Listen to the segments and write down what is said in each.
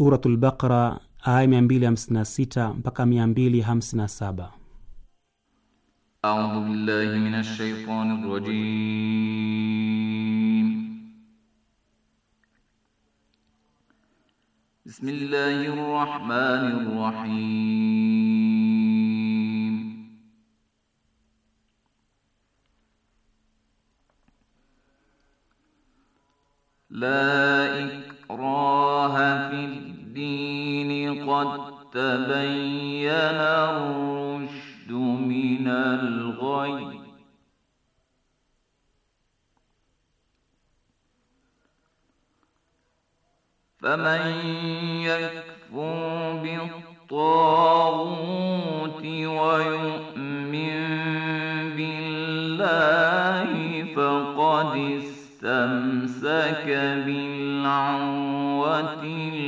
Suratul Baqara aya mia mbili hamsini na sita mpaka mia mbili A'udhu na saba الْمُتَّقِينَ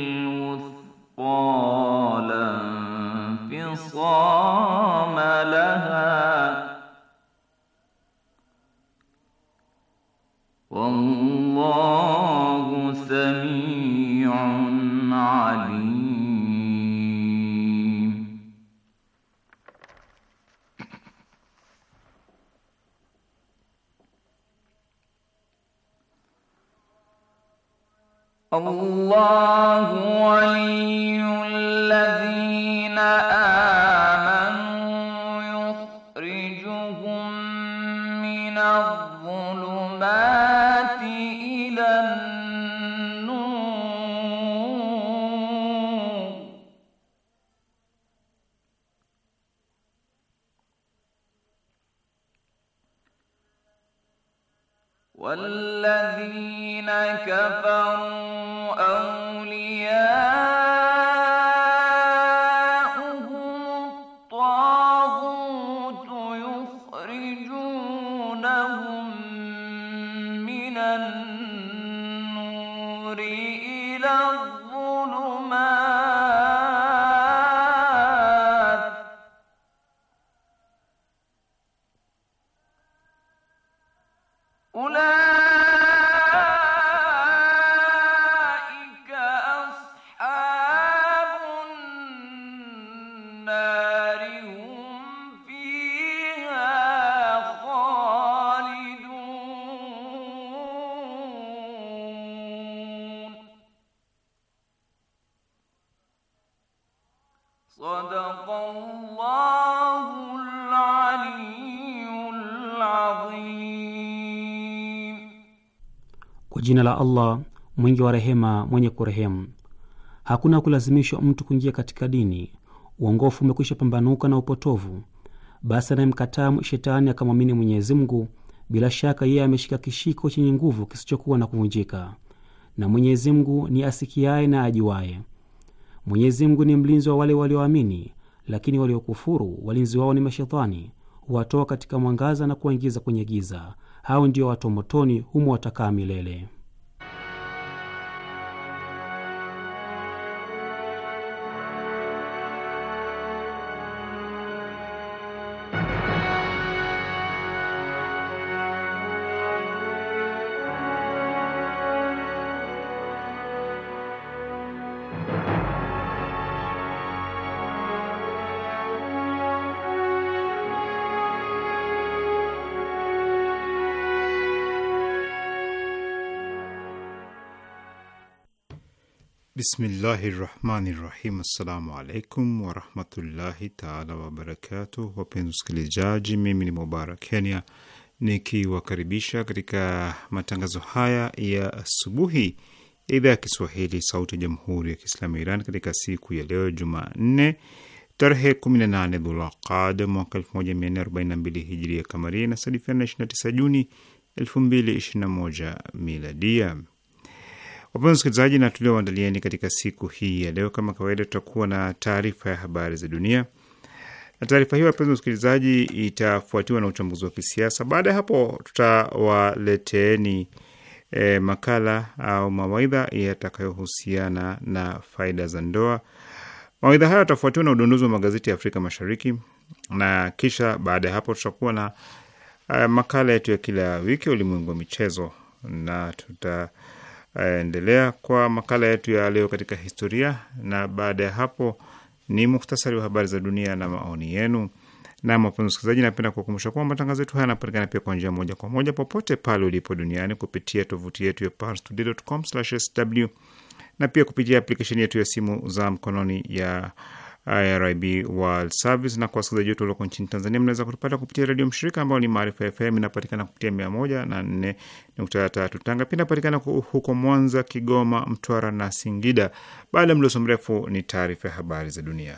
Kwa jina la Allah mwingi wa rehema, mwenye kurehemu. Hakuna kulazimishwa mtu kuingia katika dini. Uongofu umekwisha pambanuka na upotovu. Basi anayemkataa shetani akamwamini Mwenyezi Mungu, bila shaka yeye ameshika kishiko chenye nguvu kisichokuwa na kuvunjika, na Mwenyezi Mungu ni asikiaye na ajuaye. Mwenyezi Mungu ni mlinzi wa wale walioamini, lakini waliokufuru walinzi wao ni mashetani, huwatoa katika mwangaza na kuwaingiza kwenye giza. Hao ndio watu motoni humo watakaa milele. Bismillahi rahmani rahim. Assalamu alaikum warahmatullahi taala wabarakatuh. Wapenzi wasikilizaji, mimi ni Mubarak Kenya nikiwakaribisha katika matangazo haya ya asubuhi ya idhaa ya Kiswahili sauti ya jamhuri ya Kiislamu ya Iran katika siku ya leo Jumanne tarehe 18 Dhulqaad mwaka 1442 hijria kamaria, inasadifiana 29 Juni 2021 miladia. Wapenzi wasikilizaji, na tulioandalieni katika siku hii ya leo, kama kawaida, tutakuwa na taarifa ya habari za dunia na taarifa hiyo, wapenzi wasikilizaji, itafuatiwa na uchambuzi wa kisiasa. Baada ya hapo, tutawaleteeni e, eh, makala au mawaidha yatakayohusiana na faida za ndoa. Mawaidha hayo yatafuatiwa na udunduzi wa magazeti ya Afrika Mashariki, na kisha baada ya hapo tutakuwa na uh, makala yetu ya kila wiki, ulimwengu wa michezo, na tuta endelea kwa makala yetu ya leo katika historia, na baada ya hapo ni muhtasari wa habari za dunia na maoni yenu. Na wapenzi wasikilizaji, napenda kuwakumbusha kwamba matangazo yetu haya yanapatikana pia kwa njia moja kwa moja popote pale ulipo duniani kupitia tovuti yetu ya parstoday.com/sw na pia kupitia aplikesheni yetu ya simu za mkononi ya IRIB World Service. Na kwa wasikilizaji wetu walioko nchini Tanzania, mnaweza kutupata kupitia redio mshirika ambao ni Maarifa FM, inapatikana kupitia mia moja na nne nukta tatu Tanga. Pia inapatikana huko Mwanza, Kigoma, Mtwara na Singida. Baada ya mdoso mrefu, ni taarifa ya habari za dunia.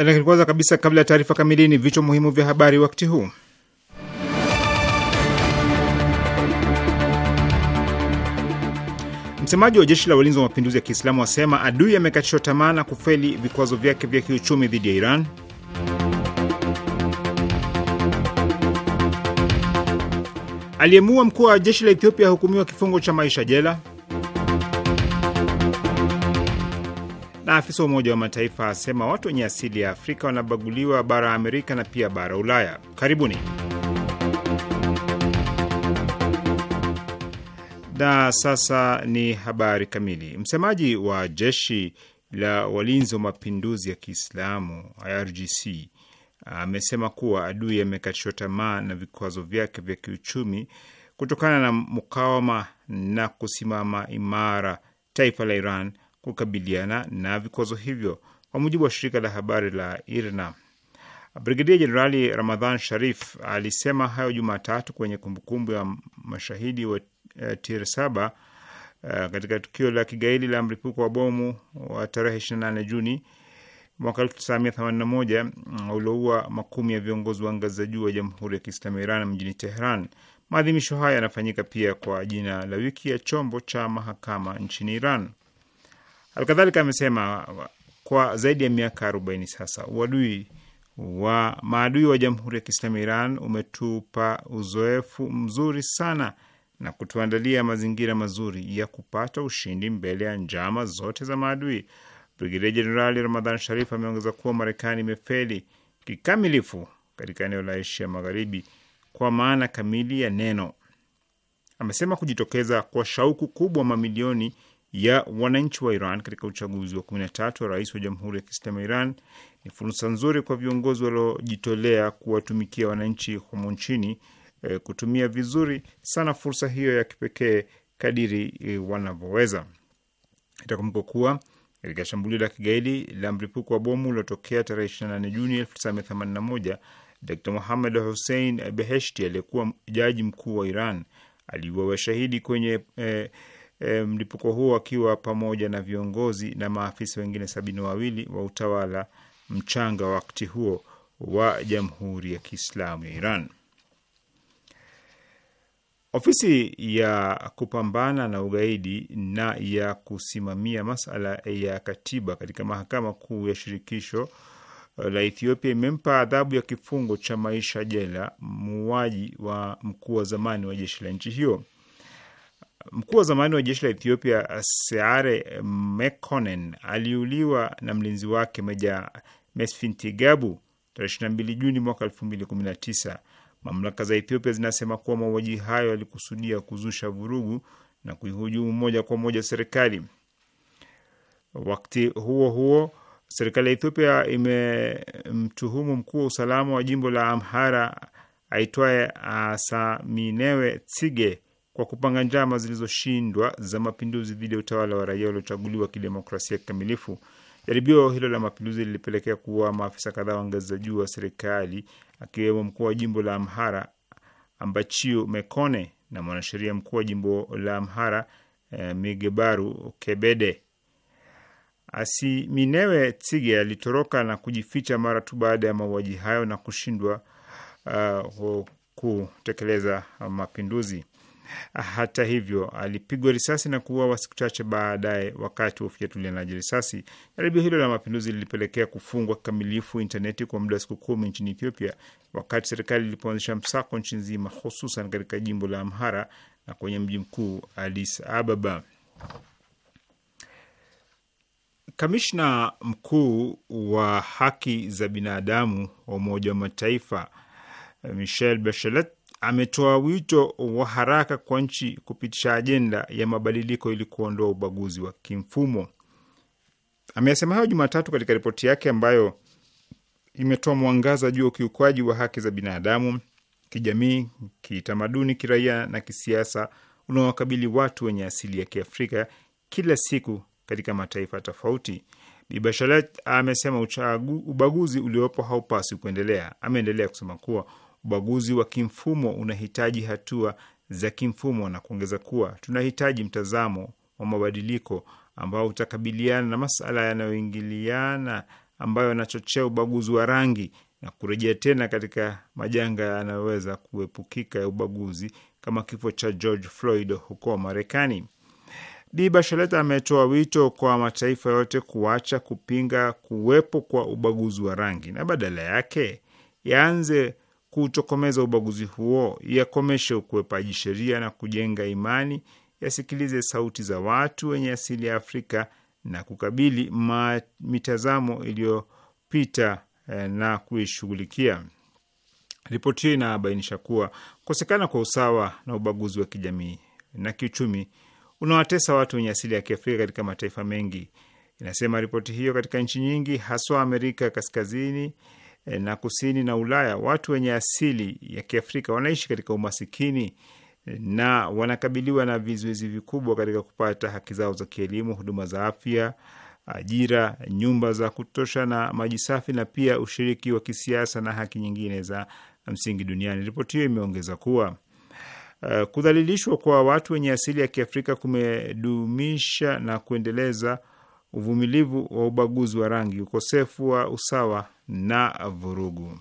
Eh, lakini kwanza kabisa, kabla ya taarifa kamili, ni vichwa muhimu vya habari wakati huu. Msemaji wa jeshi la walinzi wa mapinduzi ya Kiislamu asema adui amekatishwa tamaa na kufeli vikwazo vyake vya kiuchumi dhidi ya Iran. Aliyemuua mkuu wa jeshi la Ethiopia ahukumiwa kifungo cha maisha jela. na afisa wa Umoja wa Mataifa asema watu wenye asili ya Afrika wanabaguliwa bara Amerika na pia bara Ulaya. Karibuni. Na sasa ni habari kamili. Msemaji wa jeshi la walinzi wa mapinduzi ya Kiislamu IRGC amesema kuwa adui amekatishwa tamaa na vikwazo vyake vya kiuchumi kutokana na mukawama na kusimama imara taifa la Iran kukabiliana na vikwazo hivyo. Kwa mujibu wa shirika la habari la IRNA, Brigedia Jenerali Ramadhan Sharif alisema hayo Jumatatu kwenye kumbukumbu ya mashahidi wa eh, Tir saba uh, katika tukio la kigaidi la mlipuko wa bomu wa tarehe 28 Juni mwaka 1981 mm, ulioua makumi ya viongozi wa ngazi za juu wa Jamhuri ya Kiislamu ya Iran mjini Tehran. Maadhimisho haya yanafanyika pia kwa jina la wiki ya chombo cha mahakama nchini Iran. Alkadhalika amesema kwa zaidi ya miaka arobaini sasa uadui wa maadui wa Jamhuri ya Kiislamu ya Iran umetupa uzoefu mzuri sana na kutuandalia mazingira mazuri ya kupata ushindi mbele ya njama zote za maadui. Brigedia Jenerali Ramadhan Sharif ameongeza kuwa Marekani imefeli kikamilifu katika eneo la Asia Magharibi kwa maana kamili ya neno. Amesema kujitokeza kwa shauku kubwa mamilioni ya wananchi wa Iran katika uchaguzi wa 13 wa rais wa Jamhuri ya Kiislamu ya Iran ni fursa nzuri kwa viongozi waliojitolea kuwatumikia wananchi humo nchini e, kutumia vizuri sana fursa hiyo ya kipekee kadiri e, wanavyoweza. Itakumbukwa kuwa eh, katika shambulio la kigaidi la mlipuko wa bomu uliotokea tarehe 28 Juni 1981 Dr Muhammad Hussein Beheshti aliyekuwa jaji mkuu wa Iran aliuawa shahidi kwenye e, e, mlipuko huo akiwa pamoja na viongozi na maafisa wengine sabini wawili wa utawala mchanga wakati huo wa Jamhuri ya Kiislamu ya Iran. Ofisi ya kupambana na ugaidi na ya kusimamia masala ya katiba katika mahakama kuu ya shirikisho uh, la Ethiopia imempa adhabu ya kifungo cha maisha jela muuaji wa mkuu wa zamani wa jeshi la nchi hiyo. Mkuu wa zamani wa jeshi la Ethiopia Seare Mekonnen aliuliwa na mlinzi wake Meja Mesfintigabu tarehe 22 Juni mwaka 2019. Mamlaka za Ethiopia zinasema kuwa mauaji hayo yalikusudia kuzusha vurugu na kuihujumu moja kwa moja serikali. Wakati huo huo, serikali ya Ethiopia imemtuhumu mkuu wa usalama wa jimbo la Amhara aitwaye Asaminewe Tsige kwa kupanga njama zilizoshindwa za mapinduzi dhidi ya utawala wa raia waliochaguliwa kidemokrasia kikamilifu. Jaribio hilo la mapinduzi lilipelekea kuwa maafisa kadhaa wa ngazi za juu wa serikali akiwemo mkuu wa jimbo la Amhara Ambachiu Mekone na mwanasheria mkuu wa jimbo la Amhara eh, Migebaru Kebede. Asiminewe Tsige alitoroka na kujificha mara tu baada ya mauaji hayo na kushindwa uh, kutekeleza mapinduzi. Hata hivyo, alipigwa risasi na kuuawa siku chache baadaye wakati wa ufyatulianaji risasi. Jaribio hilo la mapinduzi lilipelekea kufungwa kikamilifu intaneti kwa muda wa siku kumi nchini Ethiopia, wakati serikali ilipoanzisha msako nchi nzima, hususan katika jimbo la Amhara na kwenye mji mkuu Addis Ababa. Kamishna mkuu wa haki za binadamu wa Umoja wa Mataifa Michel Bachelet ametoa wito wa haraka kwa nchi kupitisha ajenda ya mabadiliko ili kuondoa ubaguzi wa kimfumo. Ameyasema hayo Jumatatu katika ripoti yake ambayo imetoa mwangaza juu ya ukiukwaji wa haki za binadamu kijamii, kitamaduni, kiraia na kisiasa unaowakabili watu wenye asili ya Kiafrika kila siku katika mataifa tofauti. Bibashalet amesema ubaguzi uliopo haupaswi kuendelea. Ameendelea kusema kuwa Ubaguzi wa kimfumo unahitaji hatua za kimfumo, na kuongeza kuwa tunahitaji mtazamo wa mabadiliko ambao utakabiliana na masala yanayoingiliana ambayo yanachochea ubaguzi wa rangi na kurejea tena katika majanga yanayoweza kuepukika ya ubaguzi kama kifo cha George Floyd huko Marekani. Bi Bachelet ametoa wito kwa mataifa yote kuacha kupinga kuwepo kwa ubaguzi wa rangi na badala yake yaanze kutokomeza ubaguzi huo, yakomeshe ukwepaji sheria na kujenga imani, yasikilize sauti za watu wenye asili ya Afrika na kukabili mitazamo iliyopita eh, na kuishughulikia. Ripoti hiyo inabainisha kuwa kukosekana kwa usawa na ubaguzi wa kijamii na kiuchumi unawatesa watu wenye asili ya Kiafrika katika mataifa mengi, inasema ripoti hiyo. Katika nchi nyingi, haswa Amerika Kaskazini, E, na kusini na Ulaya, watu wenye asili ya Kiafrika wanaishi katika umasikini e, na wanakabiliwa na vizuizi vikubwa katika kupata haki zao za kielimu, huduma za afya, ajira, nyumba za kutosha na maji safi, na pia ushiriki wa kisiasa na haki nyingine za msingi duniani. Ripoti hiyo imeongeza kuwa uh, kudhalilishwa kwa watu wenye asili ya Kiafrika kumedumisha na kuendeleza uvumilivu wa ubaguzi wa rangi, ukosefu wa usawa na vurugu.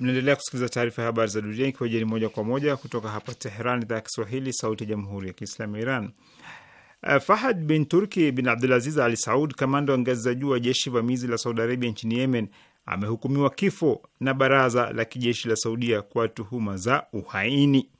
Mnaendelea kusikiliza taarifa ya habari za dunia ikiwa jeni moja kwa moja kutoka hapa Teheran, idhaa ya Kiswahili, sauti ya jamhuri ya kiislamu ya Iran. Eh, Fahad bin Turki bin Abdulaziz Al Saud, kamanda wa ngazi za juu wa jeshi vamizi la Saudi Arabia nchini Yemen, amehukumiwa kifo na baraza la kijeshi la Saudia kwa tuhuma za uhaini.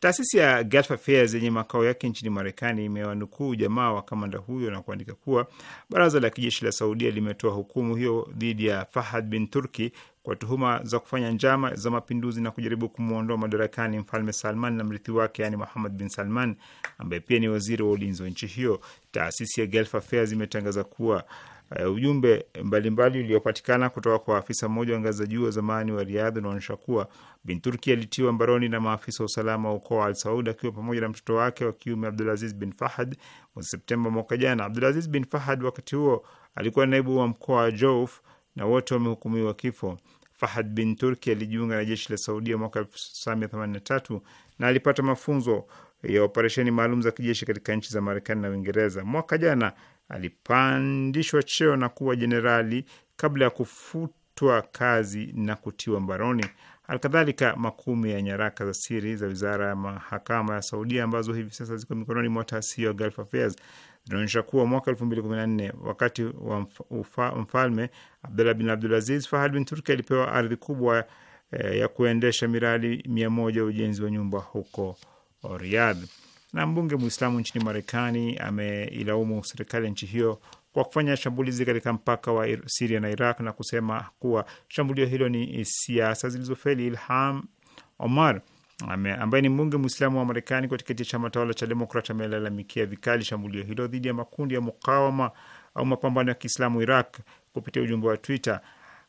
Taasisi ya Gat Affairs yenye makao yake nchini Marekani imewanukuu jamaa wa kamanda huyo na kuandika kuwa baraza la kijeshi la Saudia limetoa hukumu hiyo dhidi ya Fahad bin Turki kwa tuhuma za kufanya njama za mapinduzi na kujaribu kumwondoa madarakani mfalme Salman na mrithi wake, yani Muhammad bin Salman ambaye pia ni waziri wa ulinzi wa nchi hiyo. Taasisi ya Gulf Affairs imetangaza kuwa Uh, ujumbe mbalimbali uliopatikana kutoka kwa afisa mmoja wa ngazi za juu wa zamani wa Riadh unaonyesha kuwa bin Turki alitiwa mbaroni na maafisa wa usalama wa ukoo wa Al Saud akiwa pamoja na mtoto wake wa kiume Abdulaziz bin Fahad mwezi Septemba mwaka jana. Abdulaziz bin Fahad wakati huo alikuwa naibu wa mkoa wa Jouf na wote wamehukumiwa kifo. Fahad bin Turki alijiunga na jeshi la Saudia mwaka 1983 na alipata mafunzo ya operesheni maalum za kijeshi katika nchi za Marekani na Uingereza. Mwaka jana Alipandishwa cheo na kuwa jenerali kabla ya kufutwa kazi na kutiwa mbaroni. Alkadhalika, makumi ya nyaraka za siri za wizara ya mahakama ya Saudia ambazo hivi sasa ziko mikononi mwa taasisi ya Gulf Affairs zinaonyesha kuwa mwaka elfu mbili kumi na nne wakati wa mfalme Abdullah bin Abdulaziz, Fahad bin Turki alipewa ardhi kubwa eh, ya kuendesha miradi mia moja ujenzi wa nyumba huko Riyadh na mbunge Mwislamu nchini Marekani ameilaumu serikali ya nchi hiyo kwa kufanya shambulizi katika mpaka wa Siria na Iraq na kusema kuwa shambulio hilo ni siasa zilizofeli. Ilham Omar ambaye ni mbunge Mwislamu wa Marekani kwa tiketi ya chama tawala cha Demokrat amelalamikia vikali shambulio hilo dhidi ya makundi ya mukawama au mapambano ya Kiislamu Iraq kupitia ujumbe wa Twitter.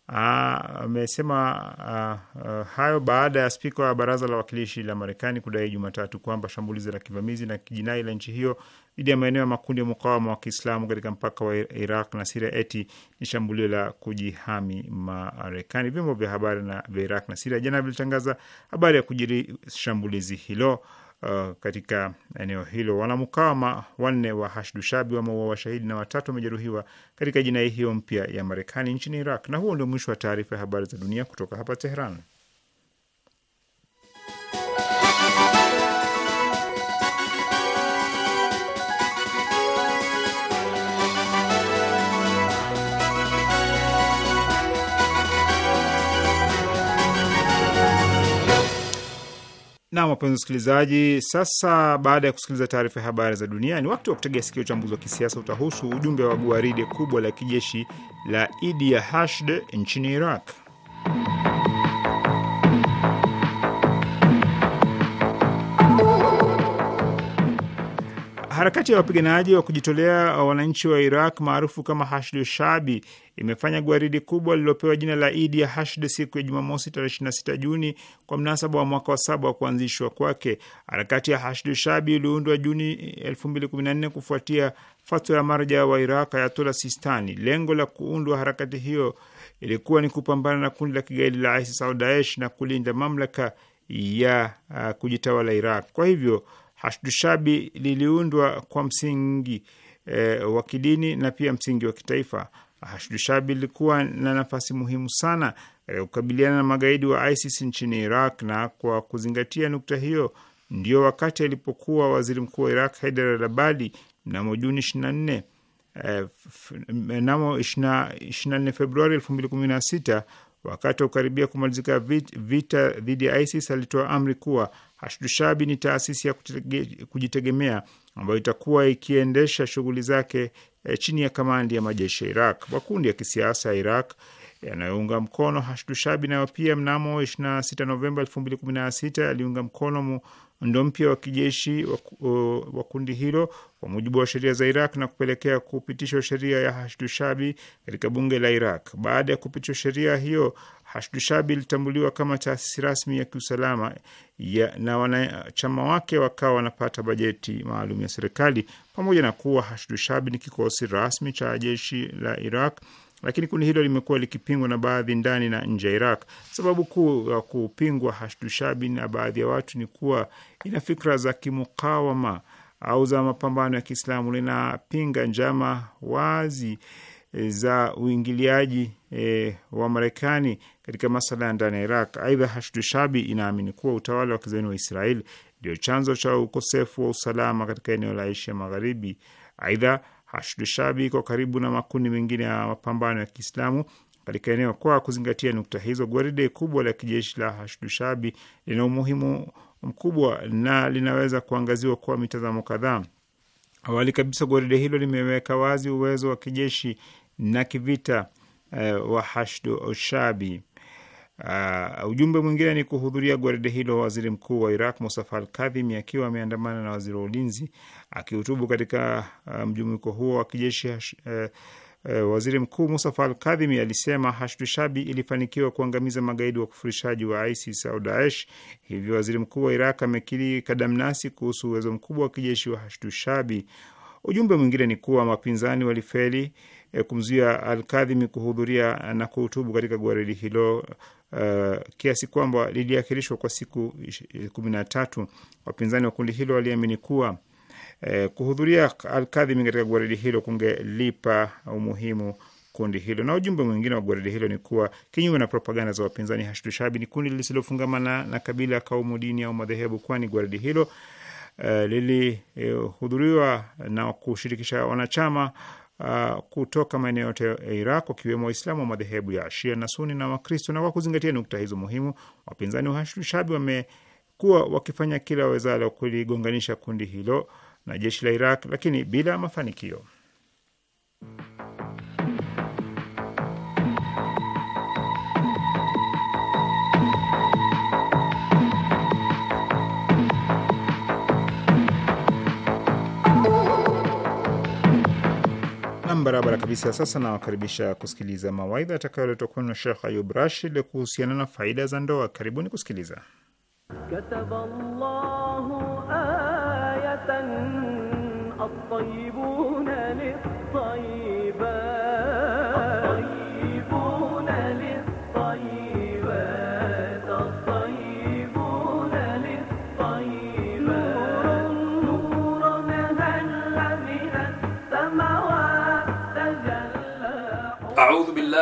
Ah, amesema ah, ah, hayo baada ya spika wa baraza la wawakilishi la Marekani kudai Jumatatu kwamba shambulizi la kivamizi na kijinai la nchi hiyo dhidi ya maeneo ya makundi ya mukawama wa Kiislamu katika mpaka wa Iraq na Siria eti ni shambulio la kujihami Marekani. Vyombo vya habari na vya Iraq na Siria jana vilitangaza habari ya kujiri shambulizi hilo uh, katika eneo hilo. Wanamukawama wanne wa Hashdushabi wameua washahidi na watatu wamejeruhiwa katika jinai hiyo mpya ya Marekani nchini Iraq. Na huo ndio mwisho wa taarifa ya habari za dunia kutoka hapa teheran Na wapenzi wasikilizaji, sasa baada ya kusikiliza taarifa ya habari za dunia, ni wakati wa kutegea sikio. Uchambuzi wa kisiasa utahusu ujumbe wa gwaride kubwa la kijeshi la Idi ya Hashd nchini Iraq. Harakati ya wapiganaji wa kujitolea wananchi wa Iraq maarufu kama Hashdu Shabi imefanya gwaridi kubwa lililopewa jina la Idi ya Hashd siku ya Jumamosi tarehe 26 Juni kwa mnasaba wa mwaka wa saba wa kuanzishwa kwake. Harakati ya Hashd Shabi iliundwa Juni 2014 kufuatia fatwa ya marja wa Iraq Ayatola Sistani. Lengo la kuundwa harakati hiyo ilikuwa ni kupambana na kundi la kigaidi la ISIS au Daesh na kulinda mamlaka ya uh, kujitawala Iraq. Kwa hivyo Hashdushabi liliundwa kwa msingi e, wa kidini na pia msingi wa kitaifa. Hashdushabi lilikuwa na nafasi muhimu sana katika eh, kukabiliana na magaidi wa ISIS nchini Iraq, na kwa kuzingatia nukta hiyo, ndio wakati alipokuwa waziri mkuu wa Iraq Haidar al-Abadi mnamo Juni 24 eh, mnamo 24 Februari 2016 Wakati wa kukaribia kumalizika vita dhidi ya ISIS alitoa amri kuwa Hashdushabi ni taasisi ya kujitegemea ambayo itakuwa ikiendesha shughuli zake eh, chini ya kamandi ya majeshi ya Iraq. Makundi ya kisiasa ya Iraq yanayounga mkono Hashdushabi nayo pia mnamo 26 Novemba 2016 yaliunga mkono muundo mpya wa kijeshi wa kundi hilo kwa mujibu wa sheria za Iraq na kupelekea kupitishwa sheria ya Hashdushabi katika bunge la Iraq. Baada ya kupitishwa sheria hiyo, hashdushabi ilitambuliwa kama taasisi rasmi ya kiusalama ya, na wanachama wake wakawa wanapata bajeti maalum ya serikali. Pamoja na kuwa Hashdushabi ni kikosi rasmi cha jeshi la Iraq lakini kundi hilo limekuwa likipingwa na baadhi ndani na nje ya Iraq. Sababu kuu ya kupingwa Hashdushabi na baadhi ya watu ni kuwa ina fikra za kimukawama au za mapambano ya Kiislamu. Linapinga njama wazi eh, za uingiliaji e, wa Marekani katika masala ya ndani ya Iraq. Aidha, Hashdushabi inaamini kuwa utawala wa kizayuni wa Israeli ndio chanzo cha ukosefu wa usalama katika eneo la Asia Magharibi. Aidha, Hashdushabi iko karibu na makundi mengine ya mapambano ya Kiislamu katika eneo. Kwa kuzingatia nukta hizo, gwaride kubwa la kijeshi la Hashdushabi lina umuhimu mkubwa na linaweza kuangaziwa kwa mitazamo kadhaa. Awali kabisa, gwaride hilo limeweka wazi uwezo wa kijeshi na kivita eh, wa Hashdushabi. Uh, ujumbe mwingine ni kuhudhuria gwaride hilo waziri mkuu wa Iraq Mustafa al Kadhimi akiwa ameandamana na waziri wa ulinzi akihutubu katika uh, mjumuiko huo wa kijeshi uh, uh, waziri mkuu Mustafa al Kadhimi alisema Hashdu Shabi ilifanikiwa kuangamiza magaidi wa kufurishaji wa ISIS au Daesh. Hivyo waziri mkuu wa Iraq amekiri kadamnasi kuhusu uwezo mkubwa wa kijeshi wa Hashdu Shabi. Ujumbe mwingine ni kuwa mapinzani walifeli eh, kumzuia Alkadhimi kuhudhuria na kuhutubu katika gwaridi hilo uh, kiasi kwamba liliakhirishwa kwa siku kumi na tatu. Wapinzani wa kundi hilo waliamini kuwa uh, kuhudhuria Alkadhimi katika gwaridi hilo kungelipa umuhimu kundi hilo. Na ujumbe mwingine wa gwaridi hilo ni kuwa kinyume na propaganda za wapinzani, Hashdu Shabi ni kundi lisilofungamana na kabila, kaumu, dini au madhehebu, kwani gwaridi hilo uh, lilihudhuriwa uh, na kushirikisha wanachama uh, kutoka maeneo yote ya Iraq wakiwemo Waislamu wa madhehebu ya Shia na Suni na Wakristo. Na kwa kuzingatia nukta hizo muhimu, wapinzani wa Shabi wamekuwa wakifanya kila wezalo kuligonganisha kundi hilo na jeshi la Iraq, lakini bila mafanikio. barabara kabisa. Sasa nawakaribisha kusikiliza mawaidha atakayoletwa kwenu na Shekh Ayub Rashid kuhusiana na faida za ndoa. Karibuni kusikiliza. Kataballahu ayatan at-tayyibun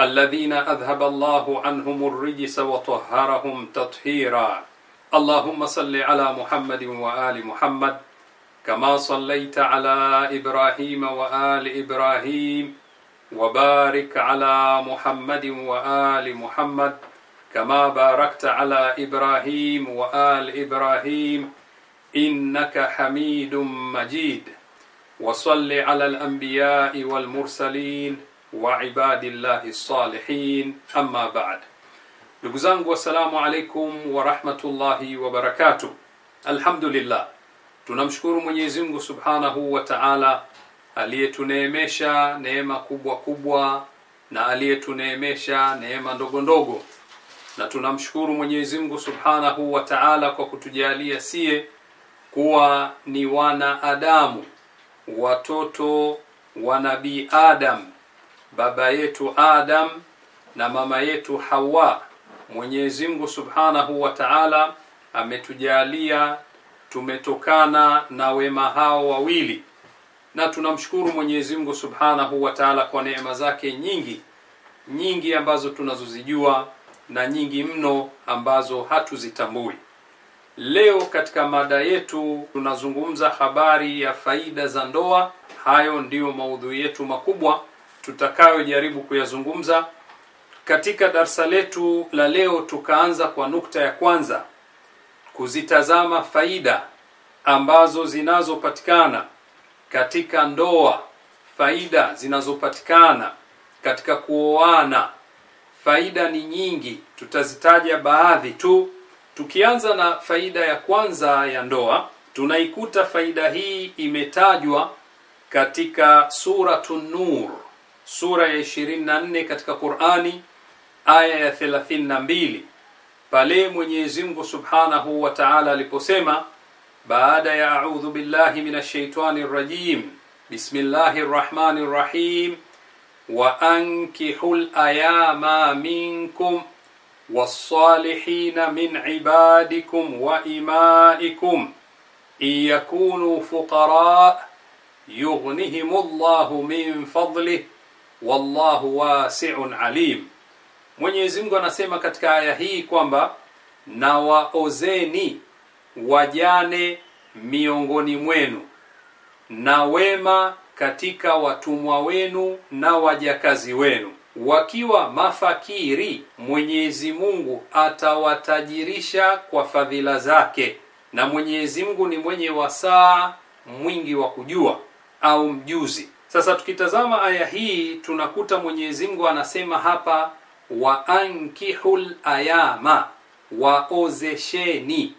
الذين أذهب الله عنهم الرجس وطهرهم تطهيرا اللهم صل على محمد وآل محمد كما صليت على إبراهيم وآل إبراهيم وبارك على محمد وآل محمد كما باركت على إبراهيم وآل إبراهيم إنك حميد مجيد وصل على الأنبياء والمرسلين wa ibadillahi salihin amma ba'd ndugu zangu wassalamu alaikum warahmatullahi wabarakatu alhamdulillah tunamshukuru Mwenyezi Mungu subhanahu wa ta'ala aliyetuneemesha neema kubwa kubwa na aliyetuneemesha neema ndogo ndogo na tunamshukuru Mwenyezi Mungu Subhanahu wa Ta'ala kwa kutujalia sie kuwa ni wanaadamu watoto wa Nabii Adam baba yetu Adam na mama yetu Hawa. Mwenyezi Mungu Subhanahu wa Ta'ala ametujalia tumetokana na wema hao wawili, na tunamshukuru Mwenyezi Mungu Subhanahu wa Ta'ala kwa neema zake nyingi nyingi ambazo tunazozijua na nyingi mno ambazo hatuzitambui. Leo katika mada yetu tunazungumza habari ya faida za ndoa. Hayo ndiyo maudhui yetu makubwa tutakayojaribu kuyazungumza katika darsa letu la leo. Tukaanza kwa nukta ya kwanza, kuzitazama faida ambazo zinazopatikana katika ndoa, faida zinazopatikana katika kuoana. Faida ni nyingi, tutazitaja baadhi tu. Tukianza na faida ya kwanza ya ndoa, tunaikuta faida hii imetajwa katika Suratu Nur sura ya 24 katika Qur'ani aya ya 32 pale Mwenyezi Mungu Subhanahu wa Ta'ala aliposema baada ya a'udhu billahi minash shaitani rajim bismillahir rahmanir rahim wa ankihul ayama minkum والصالحين من عبادكم وإمائكم إن يكونوا فقراء يغنهم الله من فضله wallahu wasi'un alim Mwenyezi Mungu anasema katika aya hii kwamba na waozeni wajane miongoni mwenu na wema katika watumwa wenu na wajakazi wenu wakiwa mafakiri Mwenyezi Mungu atawatajirisha kwa fadhila zake na Mwenyezi Mungu ni mwenye wasaa mwingi wa kujua au mjuzi sasa tukitazama aya hii tunakuta Mwenyezi Mungu anasema hapa wa ankihul ayama, waozesheni.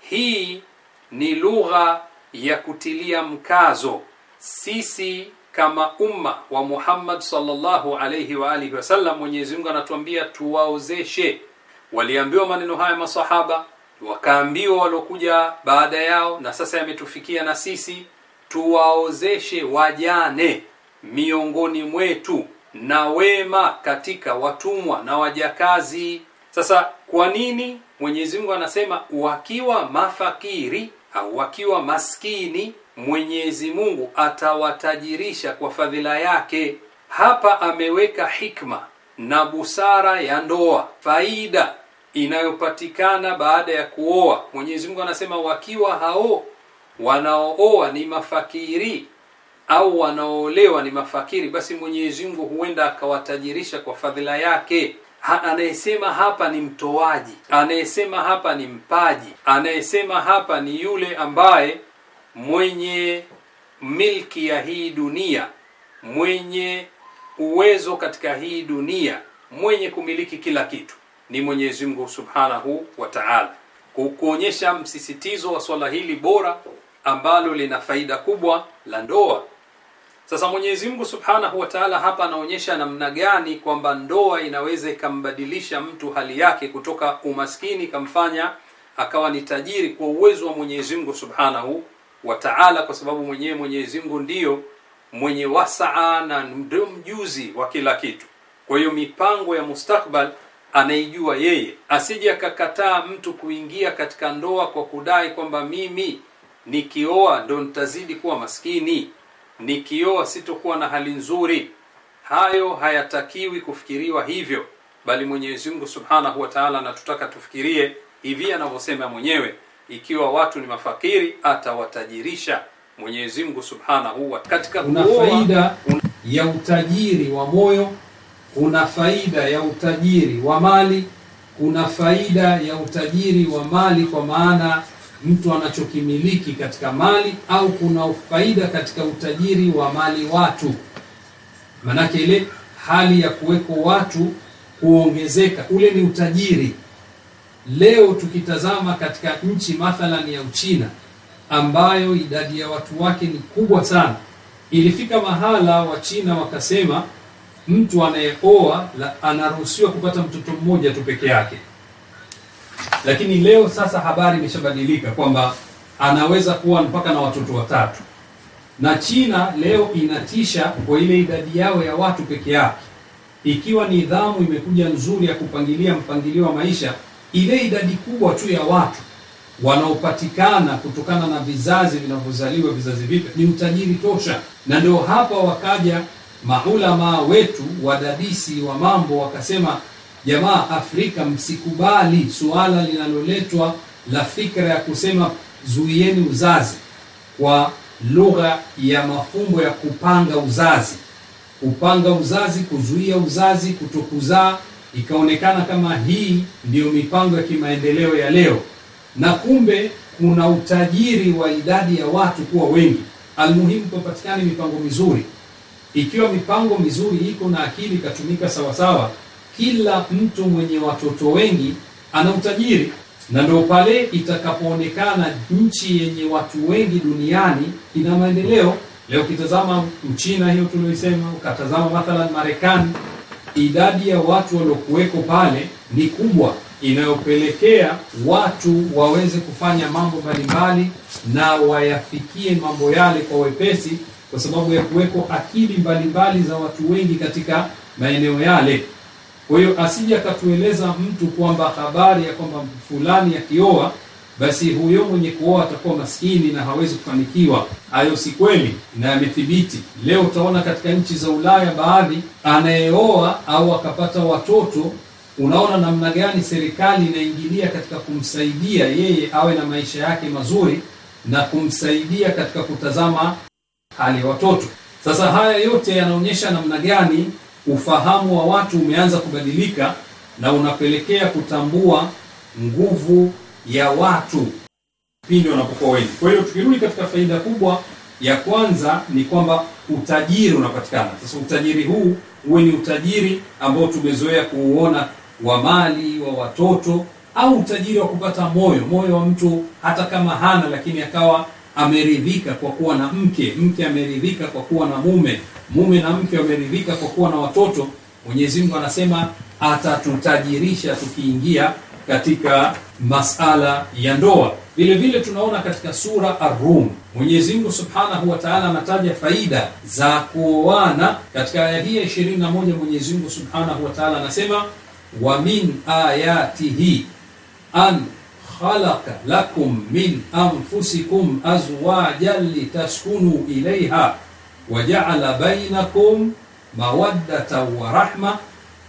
Hii ni lugha ya kutilia mkazo. Sisi kama umma wa Muhammad sallallahu alayhi wa alihi wasallam, Mwenyezi Mungu anatuambia tuwaozeshe. Waliambiwa maneno haya masahaba, wakaambiwa waliokuja baada yao, na sasa yametufikia na sisi tuwaozeshe wajane miongoni mwetu na wema katika watumwa na wajakazi. Sasa kwa nini Mwenyezi Mungu anasema wakiwa mafakiri au wakiwa maskini Mwenyezi Mungu atawatajirisha kwa fadhila yake? Hapa ameweka hikma na busara ya ndoa, faida inayopatikana baada ya kuoa. Mwenyezi Mungu anasema wakiwa hao wanaooa ni mafakiri au wanaoolewa ni mafakiri, basi Mwenyezi Mungu huenda akawatajirisha kwa fadhila yake. Ha, anayesema hapa ni mtoaji, anayesema hapa ni mpaji, anayesema hapa ni yule ambaye mwenye milki ya hii dunia, mwenye uwezo katika hii dunia, mwenye kumiliki kila kitu ni Mwenyezi Mungu Subhanahu wa Ta'ala. Kukuonyesha msisitizo wa swala hili bora ambalo lina faida kubwa la ndoa sasa Mwenyezi Mungu Subhanahu wa Ta'ala hapa anaonyesha namna gani kwamba ndoa inaweza ikambadilisha mtu hali yake kutoka umaskini kamfanya akawa ni tajiri kwa uwezo wa Mwenyezi Mungu Subhanahu wa Ta'ala kwa sababu mwenyewe Mwenyezi Mungu ndiyo mwenye wasaa na ndio mjuzi wa kila kitu. Kwa hiyo mipango ya mustakbal anaijua yeye, asije akakataa mtu kuingia katika ndoa kwa kudai kwamba mimi nikioa ndo nitazidi kuwa maskini nikioa sitokuwa na hali nzuri hayo hayatakiwi kufikiriwa hivyo bali Mwenyezi Mungu Subhanahu wa Ta'ala anatutaka tufikirie hivi anavyosema mwenyewe ikiwa watu ni mafakiri atawatajirisha Mwenyezi Mungu Subhanahu wa katika kuna faida ya utajiri wa moyo kuna faida ya utajiri wa mali kuna faida ya utajiri wa mali kwa maana mtu anachokimiliki katika mali au kuna faida katika utajiri wa mali watu. Maanake ile hali ya kuweko watu kuongezeka, ule ni utajiri. Leo tukitazama katika nchi mathalan ya Uchina ambayo idadi ya watu wake ni kubwa sana, ilifika mahala Wachina wakasema mtu anayeoa anaruhusiwa kupata mtoto mmoja tu peke yake. Lakini leo sasa habari imeshabadilika kwamba anaweza kuwa mpaka na watoto watatu, na China leo inatisha kwa ile idadi yao ya watu peke yake. Ikiwa nidhamu imekuja nzuri ya kupangilia mpangilio wa maisha, ile idadi kubwa tu ya watu wanaopatikana kutokana na vizazi vinavyozaliwa vizazi vipya ni utajiri tosha, na ndio hapa wakaja maulamaa wetu wadadisi wa mambo wakasema Jamaa Afrika, msikubali suala linaloletwa la fikra ya kusema zuieni uzazi kwa lugha ya mafumbo ya kupanga uzazi, kupanga uzazi, kuzuia uzazi, kutokuzaa, ikaonekana kama hii ndiyo mipango ya kimaendeleo ya leo, na kumbe kuna utajiri wa idadi ya watu kuwa wengi. Almuhimu kupatikana mipango mizuri. Ikiwa mipango mizuri iko na akili ikatumika sawasawa kila mtu mwenye watoto wengi ana utajiri, na ndio pale itakapoonekana nchi yenye watu wengi duniani ina maendeleo. Leo ukitazama Uchina hiyo tulioisema, ukatazama mathalan Marekani, idadi ya watu waliokuweko pale ni kubwa inayopelekea watu waweze kufanya mambo mbalimbali na wayafikie mambo yale kwa wepesi, kwa sababu ya kuweko akili mbalimbali za watu wengi katika maeneo yale. Kwa hiyo asije akatueleza mtu kwamba habari ya kwamba fulani akioa basi huyo mwenye kuoa atakuwa maskini na hawezi kufanikiwa. Hayo si kweli na yamethibiti. Leo utaona katika nchi za Ulaya baadhi, anayeoa au akapata watoto, unaona namna gani serikali inaingilia katika kumsaidia yeye awe na maisha yake mazuri na kumsaidia katika kutazama hali ya watoto. Sasa haya yote yanaonyesha namna gani ufahamu wa watu umeanza kubadilika na unapelekea kutambua nguvu ya watu pindi wanapokuwa wengi. Kwa hiyo tukirudi katika faida kubwa ya kwanza ni kwamba utajiri unapatikana. Sasa utajiri huu uwe ni utajiri ambao tumezoea kuuona wa mali, wa watoto au utajiri wa kupata moyo, moyo wa mtu hata kama hana, lakini akawa ameridhika kwa kuwa na mke, mke ameridhika kwa kuwa na mume mume na mke wameridhika kwa kuwa na watoto, Mwenyezi Mungu anasema atatutajirisha tukiingia katika masala ya ndoa. Vile vile tunaona katika sura Ar-Rum, Mwenyezi Mungu Subhanahu wa Ta'ala anataja faida za kuoana. Katika aya hii ya 21 Mwenyezi Mungu Subhanahu wa Ta'ala anasema wa min ayatihi an khalaqa lakum min anfusikum azwajan litaskunu ilaiha wajaala bainakum mawaddatan wa rahma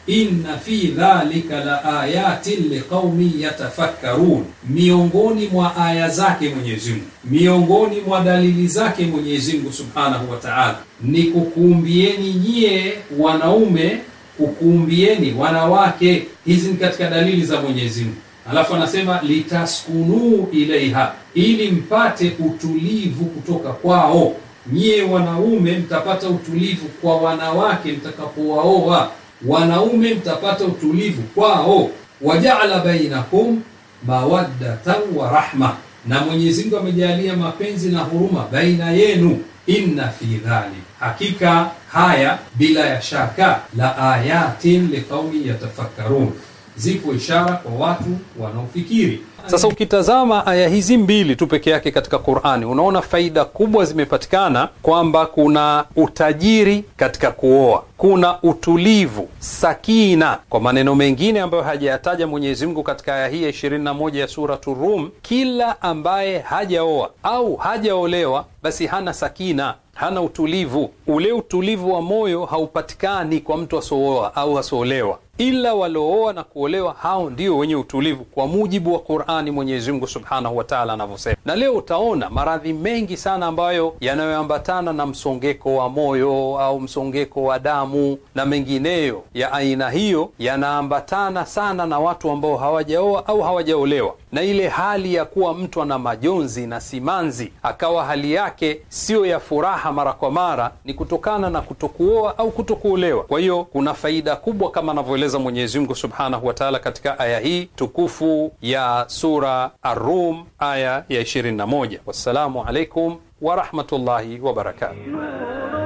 inna fi dhalika la ayatin liqaumin yatafakkarun, miongoni mwa aya zake Mwenyezi Mungu, miongoni mwa dalili zake Mwenyezi Mungu Subhanahu wa Ta'ala ni kukuumbieni nyie wanaume, kukuumbieni wanawake. Hizi ni katika dalili za Mwenyezi Mungu. Alafu anasema litaskunuu ilaiha, ili mpate utulivu kutoka kwao nyie wanaume mtapata utulivu kwa wanawake mtakapowaoa, wanaume mtapata utulivu kwao. Wajaala bainakum mawaddatan wa rahma, na Mwenyezi Mungu amejalia mapenzi na huruma baina yenu. Inna fi dhalik, hakika haya bila ya shaka, la ayatin liqaumi yatafakkarun, ziko ishara kwa watu wanaofikiri. Sasa ukitazama aya hizi mbili tu peke yake katika Qur'ani, unaona faida kubwa zimepatikana kwamba kuna utajiri katika kuoa, kuna utulivu, sakina. Kwa maneno mengine ambayo hajayataja Mwenyezi Mungu katika aya hii ya 21 ya suratu Rum, kila ambaye hajaoa au hajaolewa basi hana sakina hana utulivu. Ule utulivu wa moyo haupatikani kwa mtu asooa au asoolewa ila waliooa na kuolewa hao ndio wenye utulivu kwa mujibu wa Qur'ani, Mwenyezi Mungu Subhanahu wa Ta'ala anavyosema. Na leo utaona maradhi mengi sana ambayo yanayoambatana na msongeko wa moyo au msongeko wa damu na mengineyo ya aina hiyo yanaambatana sana na watu ambao hawajaoa au hawajaolewa na ile hali ya kuwa mtu ana majonzi na simanzi, akawa hali yake siyo ya furaha mara kwa mara, ni kutokana na kutokuoa au kutokuolewa. Kwa hiyo kuna faida kubwa kama anavyoeleza Mwenyezi Mungu subhanahu wa taala katika aya hii tukufu ya sura Arum aya ya 21. Wassalamu alaikum warahmatullahi wabarakatuh.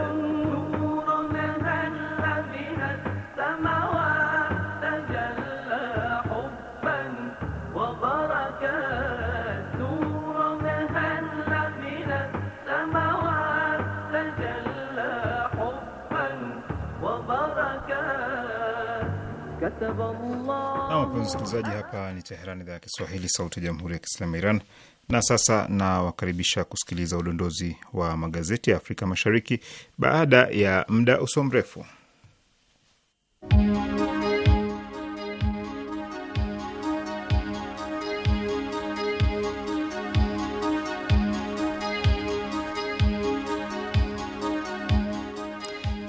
wapenzi msikilizaji, hapa ni Teherani, idhaa ya Kiswahili, sauti ya jamhuri ya kiislamu ya Iran. Na sasa nawakaribisha kusikiliza udondozi wa magazeti ya Afrika Mashariki baada ya muda usio mrefu.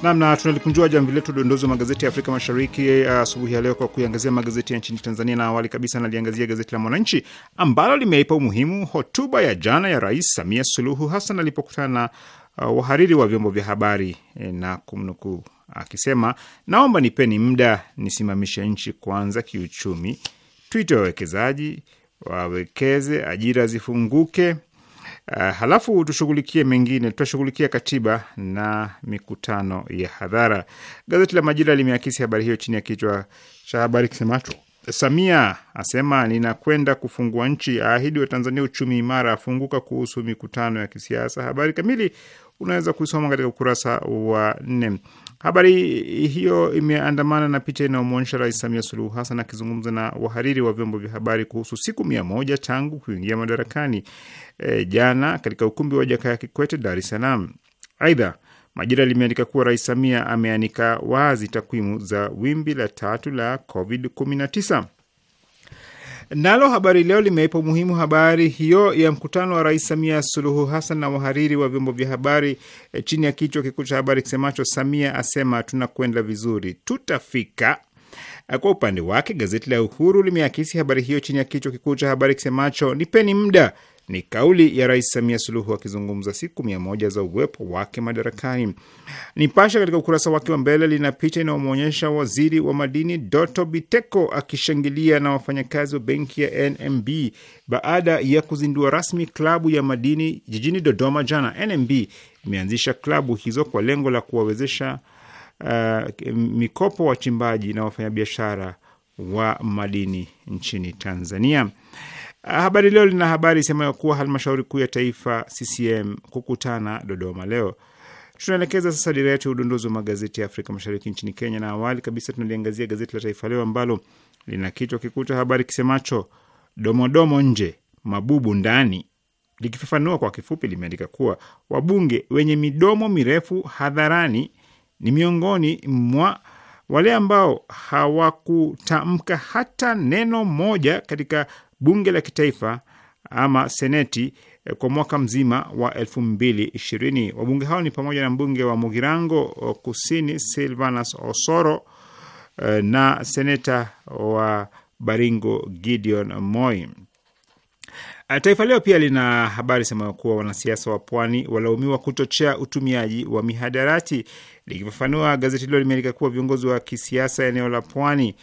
Namna tunalikunjua jamvi letu dondozi wa magazeti ya Afrika Mashariki eh, asubuhi ya leo kwa kuiangazia magazeti ya nchini Tanzania, na awali kabisa naliangazia gazeti la Mwananchi ambalo limeipa umuhimu hotuba ya jana ya Rais Samia Suluhu Hassan alipokutana na uh, wahariri wa vyombo vya habari eh, na kumnukuu akisema, naomba nipeni muda nisimamishe nchi kwanza kiuchumi, twite wawekezaji wawekeze, ajira zifunguke Uh, halafu tushughulikie mengine, tutashughulikia katiba na mikutano ya hadhara. Gazeti la Majira limeakisi habari hiyo chini ya kichwa cha habari kisemacho Samia asema ninakwenda kufungua nchi, aahidi wa Tanzania uchumi imara, afunguka kuhusu mikutano ya kisiasa. Habari kamili unaweza kuisoma katika ukurasa wa nne. Habari hiyo imeandamana na picha inayomwonyesha Rais Samia Suluhu Hassan akizungumza na wahariri wa vyombo vya habari kuhusu siku mia moja tangu kuingia madarakani e, jana katika ukumbi wa Jakaya Kikwete, Dar es Salaam. Aidha, Majira limeandika kuwa Rais Samia ameanika wazi takwimu za wimbi la tatu la COVID-19. Nalo Habari Leo limeipa umuhimu habari hiyo ya mkutano wa Rais Samia Suluhu Hassan na wahariri wa vyombo vya habari e, chini ya kichwa kikuu cha habari kisemacho Samia asema tunakwenda vizuri, tutafika. Eh, kwa upande wake gazeti la Uhuru limeakisi habari hiyo chini ya kichwa kikuu cha habari kisemacho nipeni muda, ni kauli ya Rais Samia Suluhu akizungumza siku mia moja za uwepo wake madarakani. Nipasha katika ukurasa wake wa mbele lina picha inayomwonyesha waziri wa madini Doto Biteko akishangilia na wafanyakazi wa benki ya NMB baada ya kuzindua rasmi klabu ya madini jijini Dodoma jana. NMB imeanzisha klabu hizo kwa lengo la kuwawezesha uh, mikopo wachimbaji na wafanyabiashara wa madini nchini Tanzania. Habari Leo lina habari isemayo kuwa halmashauri kuu ya taifa CCM kukutana Dodoma leo. Tunaelekeza sasa dira yetu ya udondozi wa magazeti ya Afrika Mashariki nchini Kenya, na awali kabisa tunaliangazia gazeti la Taifa Leo ambalo lina kichwa kikuu cha habari kisemacho domodomo nje, mabubu ndani. Likifafanua kwa kifupi, limeandika kuwa wabunge wenye midomo mirefu hadharani ni miongoni mwa wale ambao hawakutamka hata neno moja katika bunge la kitaifa ama seneti eh, kwa mwaka mzima wa elfu mbili ishirini. Wabunge hao ni pamoja na mbunge wa Mugirango eh, Kusini Silvanus Osoro eh, na seneta wa Baringo Gideon Moi. Taifa Leo pia lina habari sema kuwa wanasiasa wa pwani walaumiwa kuchochea utumiaji wa mihadarati. Likifafanua, gazeti hilo limeandika kuwa viongozi wa kisiasa eneo la pwani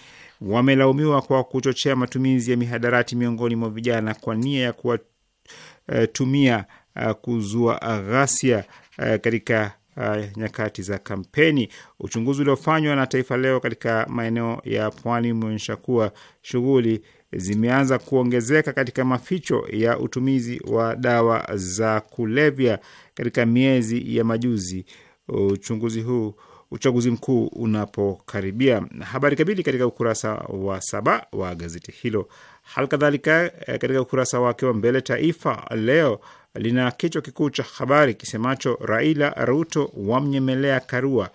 wamelaumiwa kwa kuchochea matumizi ya mihadarati miongoni mwa vijana kwa nia ya kuwatumia eh, uh, eh, kuzua ghasia uh, katika uh, nyakati za kampeni. Uchunguzi uliofanywa na Taifa Leo katika maeneo ya pwani umeonyesha kuwa shughuli zimeanza kuongezeka katika maficho ya utumizi wa dawa za kulevya katika miezi ya majuzi. Uchunguzi huu uchaguzi mkuu unapokaribia. Habari kamili katika ukurasa wa saba wa gazeti hilo. Hali kadhalika eh, katika ukurasa wake wa mbele, Taifa Leo lina kichwa kikuu cha habari kisemacho Raila Ruto wamnyemelea Karua,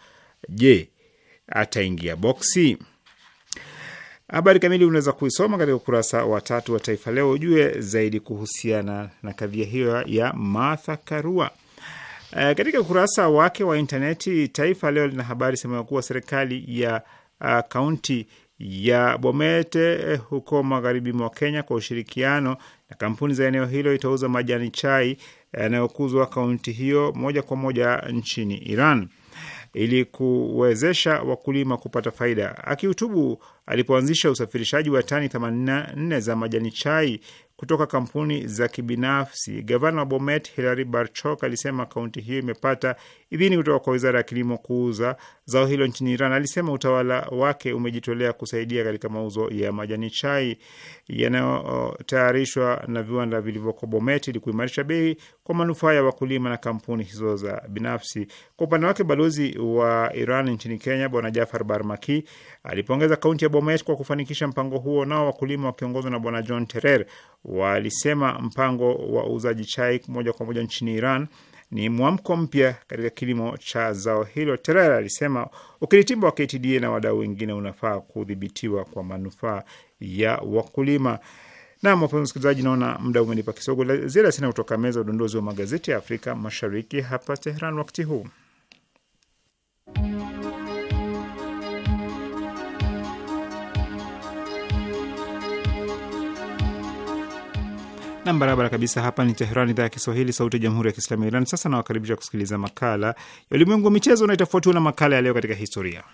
je, ataingia boksi? Habari kamili unaweza kuisoma katika ukurasa wa tatu wa Taifa Leo ujue zaidi kuhusiana na kadhia hiyo ya Martha Karua. E, katika ukurasa wake wa intaneti Taifa Leo lina habari sema kuwa serikali ya eh, kaunti ya Bomete eh, huko magharibi mwa Kenya kwa ushirikiano na kampuni za eneo hilo itauza majani chai yanayokuzwa kaunti hiyo moja kwa moja nchini Iran ili kuwezesha wakulima kupata faida. Akihutubu alipoanzisha usafirishaji wa tani 84 za majani chai kutoka kampuni za kibinafsi. Gavana wa Bomet Hilary Barchok alisema kaunti hiyo imepata idhini kutoka kwa wizara ya kilimo kuuza zao hilo nchini Iran. Alisema utawala wake umejitolea kusaidia katika mauzo ya majani chai yanayotayarishwa na viwanda vilivyoko Bometi ili kuimarisha bei kwa manufaa ya wakulima na kampuni hizo za binafsi. Kwa upande wake, balozi wa Iran nchini Kenya Bwana Jafar Barmaki alipongeza kaunti ya Bomet kwa kufanikisha mpango huo. Nao wakulima wakiongozwa na Bwana John Terer walisema mpango wa uuzaji chai moja kwa moja nchini Iran ni mwamko mpya katika kilimo cha zao hilo. Terera alisema ukiritimba wa KTDA na wadau wengine unafaa kudhibitiwa kwa manufaa ya wakulima. Nam, wapenzi msikilizaji, naona muda umenipa kisogo. Ziada sina kutoka meza udondozi wa magazeti ya Afrika Mashariki hapa Teheran wakati huu. Nam, barabara kabisa. Hapa ni Teheran, idhaa ya Kiswahili, sauti ya jamhuri ya kiislamu ya Iran. Sasa nawakaribisha kusikiliza makala ya ulimwengu wa michezo na itafuatiwa na makala ya leo katika historia.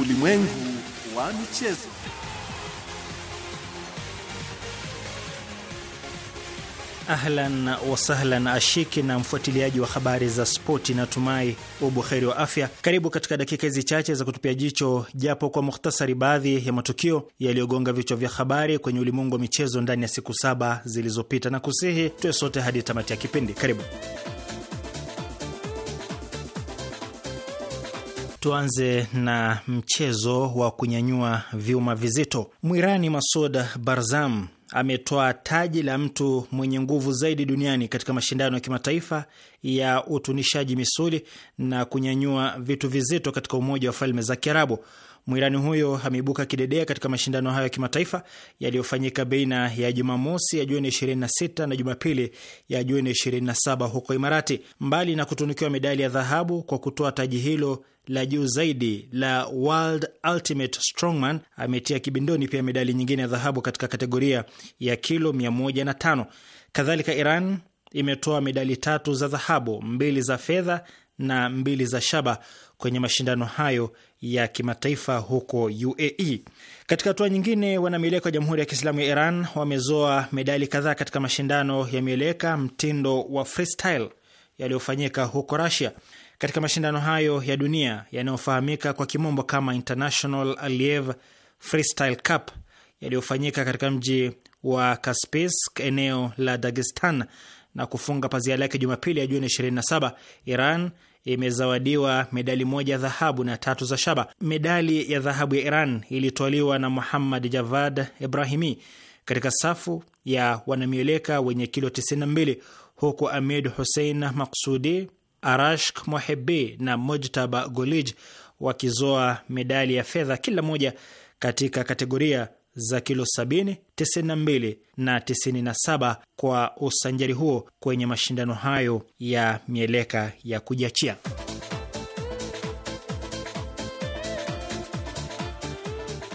Ulimwengu wa michezo. Ahlan wasahlan ashiki na mfuatiliaji wa habari za spoti, natumai ubuheri wa afya. Karibu katika dakika hizi chache za kutupia jicho japo kwa muhtasari baadhi ya matukio yaliyogonga vichwa vya habari kwenye ulimwengu wa michezo ndani ya siku saba zilizopita, na kusihi tuwe sote hadi tamati ya kipindi. Karibu. Tuanze na mchezo wa kunyanyua vyuma vizito. Mwirani Masud Barzam ametoa taji la mtu mwenye nguvu zaidi duniani katika mashindano ya kimataifa ya utunishaji misuli na kunyanyua vitu vizito katika Umoja wa Falme za Kiarabu. Mwirani huyo ameibuka kidedea katika mashindano hayo ya kimataifa yaliyofanyika baina ya Jumamosi ya Juni 26 na Jumapili ya Juni 27 huko Imarati. Mbali na kutunukiwa medali ya dhahabu kwa kutoa taji hilo la juu zaidi la World Ultimate Strongman, ametia kibindoni pia medali nyingine ya dhahabu katika kategoria ya kilo 105. Kadhalika, Iran imetoa medali tatu za dhahabu, mbili za fedha na mbili za shaba kwenye mashindano hayo ya kimataifa huko UAE. Katika hatua nyingine, wanamieleka wa Jamhuri ya Kiislamu ya Iran wamezoa medali kadhaa katika mashindano ya mieleka mtindo wa freestyle yaliyofanyika huko Russia. Katika mashindano hayo ya dunia yanayofahamika kwa kimombo kama International Aliev Freestyle Cup yaliyofanyika katika mji wa Kaspisk, eneo la Dagestan, na kufunga pazia lake Jumapili ya Juni 27, Iran imezawadiwa medali moja ya dhahabu na tatu za shaba. Medali ya dhahabu ya Iran ilitwaliwa na Muhammad Javad Ibrahimi katika safu ya wanamieleka wenye kilo 92 huku Amid Hussein Maksudi, Arashk Mohebi na Mojtaba Golij wakizoa medali ya fedha kila moja katika kategoria za kilo 70, 92 na 97 kwa usanjari huo kwenye mashindano hayo ya mieleka ya kujiachia.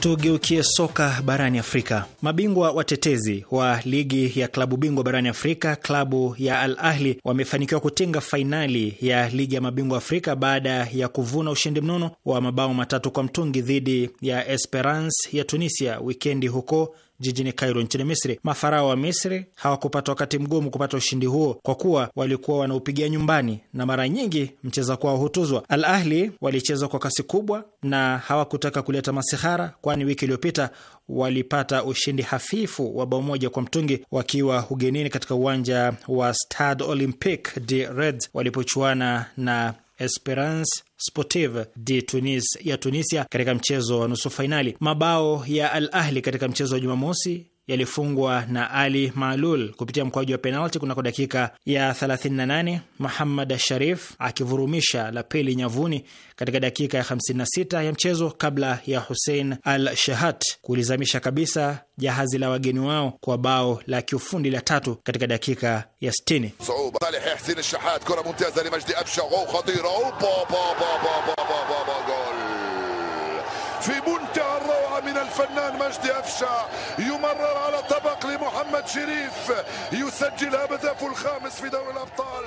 Tugeukie soka barani Afrika. Mabingwa watetezi wa ligi ya klabu bingwa barani Afrika, klabu ya Al Ahli wamefanikiwa kutinga fainali ya ligi ya mabingwa Afrika baada ya kuvuna ushindi mnono wa mabao matatu kwa mtungi dhidi ya Esperance ya Tunisia wikendi huko jijini Cairo nchini Misri. Mafarao wa Misri hawakupata wakati mgumu kupata ushindi huo kwa kuwa walikuwa wanaupigia nyumbani na mara nyingi mcheza kwao hutuzwa. Al Ahli walicheza kwa kasi kubwa na hawakutaka kuleta masihara, kwani wiki iliyopita walipata ushindi hafifu wa bao moja kwa mtungi wakiwa ugenini katika uwanja wa Stade Olympique de Reds walipochuana na Esperance Sportive de Tunis ya Tunisia katika mchezo wa nusu fainali. Mabao ya Al Ahli katika mchezo wa Jumamosi yalifungwa na Ali Maalul kupitia mkwaju wa penalti kunako dakika ya 38, Muhammad Sharif akivurumisha la pili nyavuni katika dakika ya 56 ya mchezo kabla ya Hussein Al Shahat kulizamisha kabisa jahazi la wageni wao kwa bao la kiufundi la tatu katika dakika ya 60. روعة من الفنان مجدي أفشع يمرر على طبق لمحمد شريف يسجل هدف الخامس في دوري الأبطال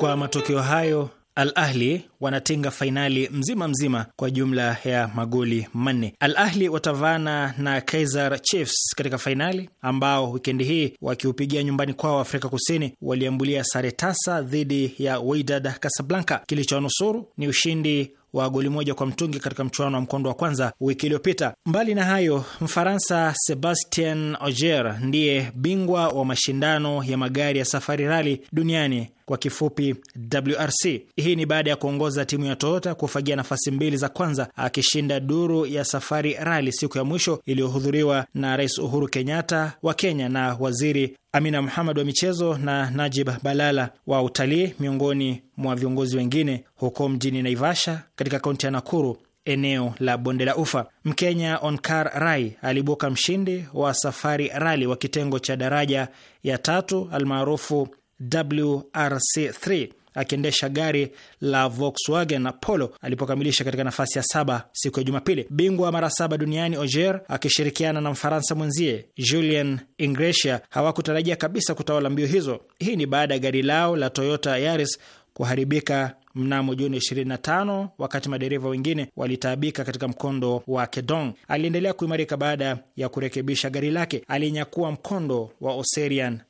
Kwa matokeo hayo Al Ahli wanatinga fainali mzima mzima kwa jumla ya magoli manne. Al Ahli watavana na Kaizer Chiefs katika fainali ambao wikendi hii wakiupigia nyumbani kwao Afrika Kusini waliambulia sare tasa dhidi ya Wydad Casablanca. Kilichonusuru ni ushindi wa goli moja kwa mtungi katika mchuano wa mkondo wa kwanza wiki iliyopita. Mbali na hayo, Mfaransa Sebastien Ogier ndiye bingwa wa mashindano ya magari ya safari rali duniani kwa kifupi WRC. Hii ni baada ya kuongoza timu ya Toyota kufagia nafasi mbili za kwanza akishinda duru ya Safari Rali siku ya mwisho iliyohudhuriwa na Rais Uhuru Kenyatta wa Kenya na Waziri Amina Muhammad wa michezo na Najib Balala wa utalii miongoni mwa viongozi wengine huko mjini Naivasha katika kaunti ya Nakuru eneo la bonde la Ufa. Mkenya Onkar Rai alibuka mshindi wa Safari Rali wa kitengo cha daraja ya tatu almaarufu WRC3 akiendesha gari la Volkswagen Polo alipokamilisha katika nafasi ya saba siku ya Jumapili. Bingwa mara saba duniani Ogier akishirikiana na Mfaransa mwenzie Julien Ingresia hawakutarajia kabisa kutawala mbio hizo. Hii ni baada ya gari lao la Toyota Yaris kuharibika mnamo Juni 25 wakati madereva wengine walitaabika katika mkondo wa Kedong. Aliendelea kuimarika baada ya kurekebisha gari lake. Alinyakua mkondo wa Oserian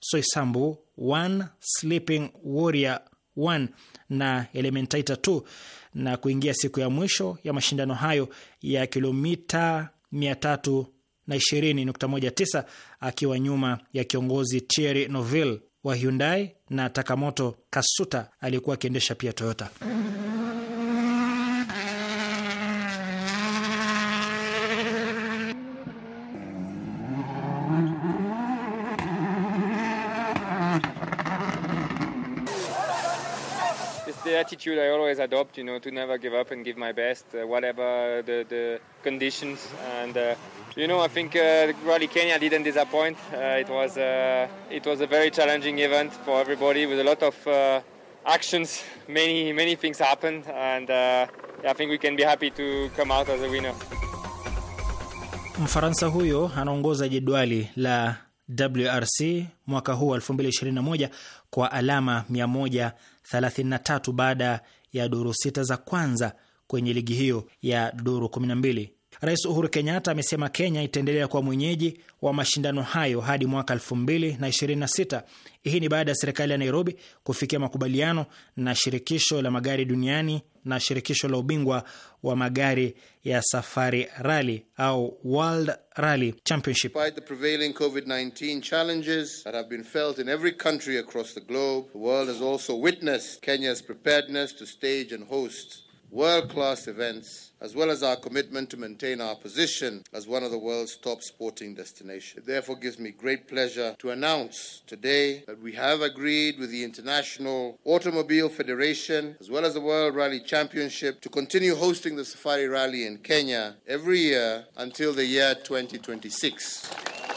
Soisambu 1, Sleeping Warrior 1 na Elementaita 2 na kuingia siku ya mwisho ya mashindano hayo ya kilomita 320.19 akiwa nyuma ya kiongozi Thierry Neuville wa Hyundai na Takamoto Kasuta aliyekuwa akiendesha pia Toyota. attitude I always adopt, you know, to never give up and give my best, uh, whatever the, the conditions. And uh, you know, I think uh, Rally Kenya didn't disappoint. Uh, it was uh, it was a very challenging event for everybody with a lot of uh, actions. Many many things happened, and uh, I think we can be happy to come out as a winner. Mfaransa huyo anaongoza jedwali la WRC mwaka huu 2021 kwa alama 100 33 baada ya duru sita za kwanza kwenye ligi hiyo ya duru 12. Rais Uhuru Kenyatta amesema Kenya itaendelea kuwa mwenyeji wa mashindano hayo hadi mwaka 2026. Hii ni baada ya serikali ya Nairobi kufikia makubaliano na shirikisho la magari duniani na shirikisho la ubingwa wa magari ya safari rally au World Rally Championship. The prevailing COVID-19 challenges that have been felt in every country across the globe, the world has also witnessed Kenya's preparedness to stage and host world class events, as well as our commitment to maintain our position as one of the world's top sporting destinations. It therefore gives me great pleasure to announce today that we have agreed with the International Automobile Federation, as well as the World Rally Championship, to continue hosting the Safari Rally in Kenya every year until the year 2026.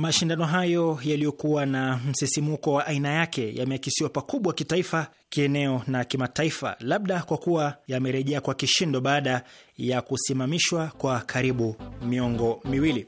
Mashindano hayo yaliyokuwa na msisimuko wa aina yake yameakisiwa pakubwa kitaifa, kieneo na kimataifa, labda kwa kuwa yamerejea kwa kishindo baada ya kusimamishwa kwa karibu miongo miwili.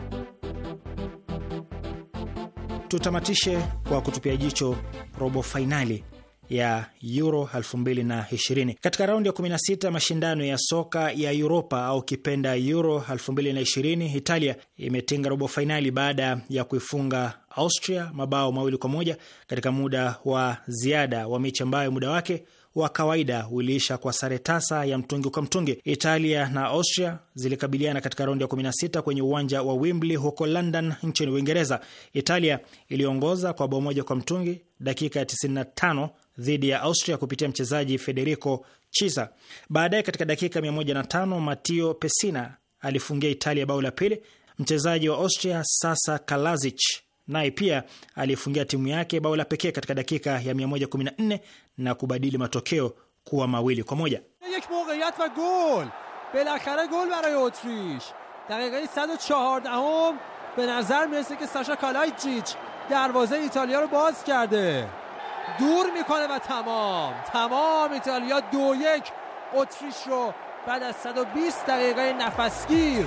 Tutamatishe kwa kutupia jicho robo fainali ya Euro 2020. Katika raundi ya 16 mashindano ya soka ya Uropa au kipenda Euro 2020, Italia imetinga robo fainali baada ya kuifunga Austria mabao mawili kwa moja katika muda wa ziada wa mechi ambayo muda wake wa kawaida uliisha kwa sare tasa ya mtungi kwa mtungi. Italia na Austria zilikabiliana katika raundi ya 16 kwenye uwanja wa Wembley huko London nchini Uingereza. Italia iliongoza kwa bao moja kwa mtungi dakika ya 95 dhidi ya Austria kupitia mchezaji Federico Chiesa. Baadaye katika dakika 105 Matteo Pessina alifungia Italia bao la pili. Mchezaji wa Austria sasa kalazich naye pia alifungia timu yake bao la pekee katika dakika ya 114 na kubadili matokeo kuwa mawili kwa moja. belakhare mirese ke دور میکنه و تمام تمام ایتالیا دو یک اتریش رو بعد از 120 دقیقه نفسگیر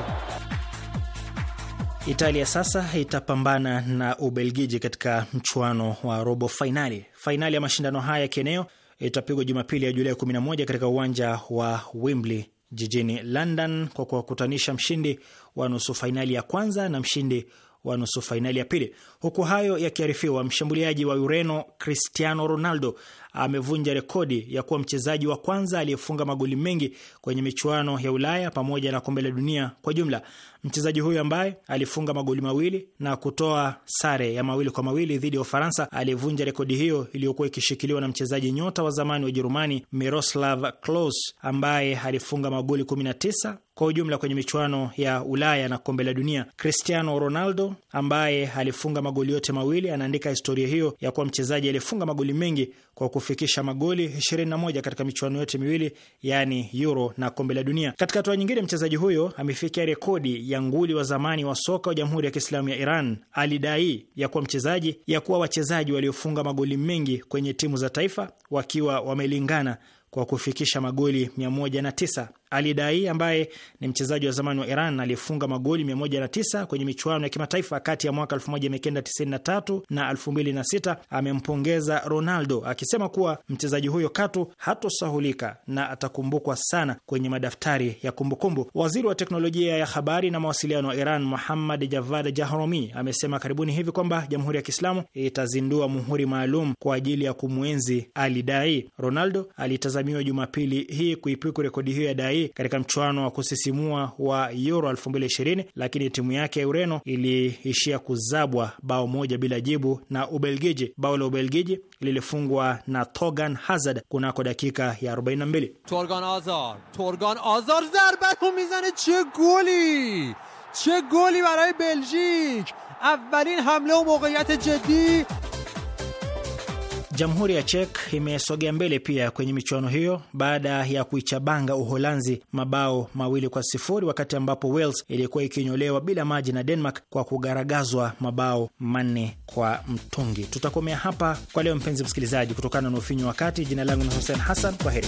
Italia sasa itapambana na Ubelgiji katika mchuano wa robo fainali. Fainali ya mashindano haya ya kieneo itapigwa Jumapili ya Julai 11 katika uwanja wa Wembley jijini London, kwa kuwakutanisha mshindi wa nusu fainali ya kwanza na mshindi wa nusu fainali ya pili. Huku hayo yakiarifiwa, mshambuliaji wa Ureno Cristiano Ronaldo amevunja rekodi ya kuwa mchezaji wa kwanza aliyefunga magoli mengi kwenye michuano ya Ulaya pamoja na kombe la dunia kwa jumla. Mchezaji huyo ambaye alifunga magoli mawili na kutoa sare ya mawili kwa mawili dhidi ya Ufaransa alivunja rekodi hiyo iliyokuwa ikishikiliwa na mchezaji nyota wa zamani wa Ujerumani Miroslav Klose ambaye alifunga magoli 19 kwa ujumla kwenye michuano ya Ulaya na kombe la dunia. Cristiano Ronaldo ambaye alifunga magoli yote mawili anaandika historia hiyo ya kuwa mchezaji aliyefunga magoli mengi kwa kufikisha magoli 21 katika michuano yote miwili yaani Euro na kombe la dunia. Katika hatua nyingine, mchezaji huyo amefikia rekodi ya nguli wa zamani wa soka wa Jamhuri ya Kiislamu ya Iran Ali Dai ya kuwa mchezaji ya kuwa wachezaji waliofunga magoli mengi kwenye timu za taifa wakiwa wamelingana kwa kufikisha magoli 109. Ali Dai ambaye ni mchezaji wa zamani wa Iran aliyefunga magoli 109 kwenye michuano ya kimataifa kati ya mwaka 1993 na 2006 amempongeza Ronaldo akisema kuwa mchezaji huyo katu hatosahulika na atakumbukwa sana kwenye madaftari ya kumbukumbu. Waziri wa teknolojia ya habari na mawasiliano wa Iran Muhammad Javad Jahromi amesema karibuni hivi kwamba Jamhuri ya Kiislamu itazindua muhuri maalum kwa ajili ya kumwenzi Ali Dai. Ronaldo alitazamiwa Jumapili hii kuipiku rekodi hiyo ya Dai katika mchuano wa kusisimua wa Euro 2020 lakini timu yake ya Ureno iliishia kuzabwa bao moja bila jibu na Ubelgiji. Bao la Ubelgiji lilifungwa na togan Hazard kunako dakika ya 42. Torgan Azar, Torgan zarba mizane, che goli che goli baraye Beljik, avvalin hamle o moqiyat jiddi Jamhuri ya chek imesogea mbele pia kwenye michuano hiyo baada ya kuichabanga Uholanzi mabao mawili kwa sifuri wakati ambapo Wales ilikuwa ikinyolewa bila maji na Denmark kwa kugaragazwa mabao manne kwa mtungi. Tutakomea hapa kwa leo, mpenzi msikilizaji, kutokana na ufinyu wakati. Jina langu ni Hussein Hassan, kwa heri.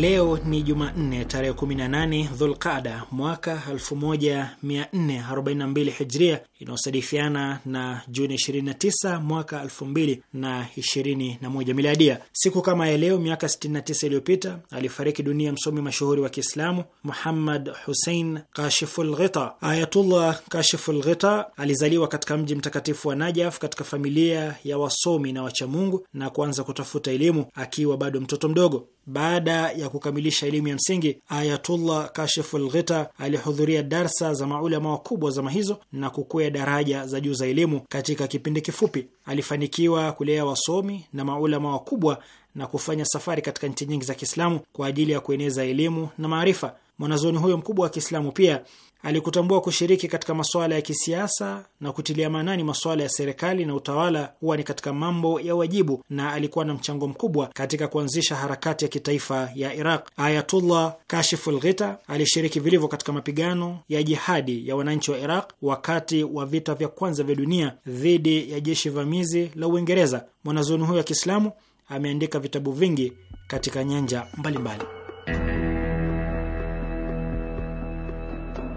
Leo ni Jumanne tarehe 18 Dhulqada mwaka 1442 Hijria, inayosadifiana na Juni 29 mwaka 2021 Miladia. Siku kama ya leo miaka 69 iliyopita alifariki dunia msomi mashuhuri wa Kiislamu Muhammad Hussein Kashiful Ghita. Ayatullah Kashiful Ghita alizaliwa katika mji mtakatifu wa Najaf katika familia ya wasomi na wachamungu na kuanza kutafuta elimu akiwa bado mtoto mdogo. Baada ya kukamilisha elimu ya msingi, Ayatullah Kashiful Ghita alihudhuria darsa za maulama wakubwa zama hizo na kukwea daraja za juu za elimu katika kipindi kifupi. Alifanikiwa kulea wasomi na maulama wakubwa na kufanya safari katika nchi nyingi za Kiislamu kwa ajili ya kueneza elimu na maarifa. Mwanazuoni huyo mkubwa wa Kiislamu pia alikutambua kushiriki katika masuala ya kisiasa na kutilia maanani masuala ya serikali na utawala huwa ni katika mambo ya wajibu, na alikuwa na mchango mkubwa katika kuanzisha harakati ya kitaifa ya Iraq. Ayatullah Kashiful Ghita alishiriki vilivyo katika mapigano ya jihadi ya wananchi wa Iraq wakati wa vita vya kwanza vya dunia dhidi ya jeshi vamizi la Uingereza. Mwanazuoni huyo wa Kiislamu ameandika vitabu vingi katika nyanja mbalimbali mbali.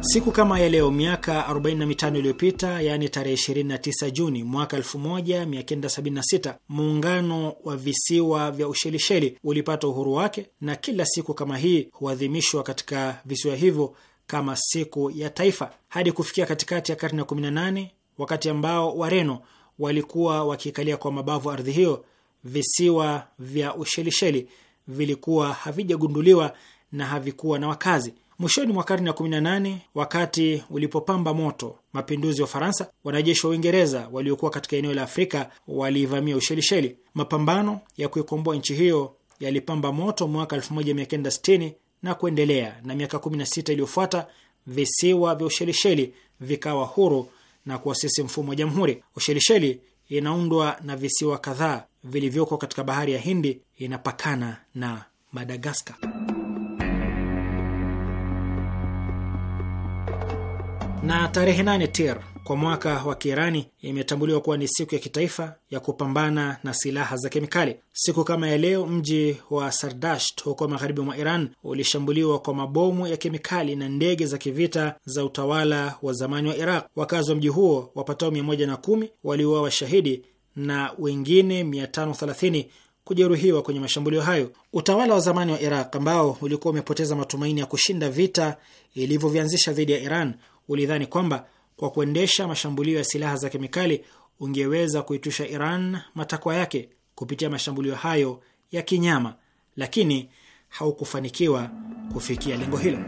Siku kama ya leo miaka 45 iliyopita, yaani tarehe 29 Juni mwaka 1976, muungano wa visiwa vya Ushelisheli ulipata uhuru wake, na kila siku kama hii huadhimishwa katika visiwa hivyo kama siku ya taifa, hadi kufikia katikati ya karne ya 18, wakati ambao Wareno walikuwa wakiikalia kwa mabavu ardhi hiyo visiwa vya Ushelisheli vilikuwa havijagunduliwa na havikuwa na wakazi. Mwishoni mwa karne ya 18 wakati ulipopamba moto mapinduzi ya Ufaransa, wanajeshi wa Uingereza waliokuwa katika eneo la Afrika waliivamia Ushelisheli. Mapambano ya kuikomboa nchi hiyo yalipamba moto mwaka 1960 na kuendelea, na miaka 16 iliyofuata visiwa vya Ushelisheli vikawa huru na kuasisi mfumo wa jamhuri. Ushelisheli inaundwa na visiwa kadhaa vilivyoko katika bahari ya Hindi inapakana na Madagaskar. Na tarehe 8 Tir kwa mwaka wa Kiirani imetambuliwa kuwa ni siku ya kitaifa ya kupambana na silaha za kemikali. Siku kama ya leo, mji wa Sardasht huko magharibi mwa Iran ulishambuliwa kwa mabomu ya kemikali na ndege za kivita za utawala wa zamani wa Iraq. Wakazi wa mji huo wapatao 110 waliuawa washahidi na wengine 530 kujeruhiwa kwenye mashambulio hayo. Utawala wa zamani wa Iraq ambao ulikuwa umepoteza matumaini ya kushinda vita ilivyovianzisha dhidi ya Iran ulidhani kwamba kwa kuendesha mashambulio ya silaha za kemikali ungeweza kuitusha Iran matakwa yake kupitia mashambulio hayo ya kinyama, lakini haukufanikiwa kufikia lengo hilo.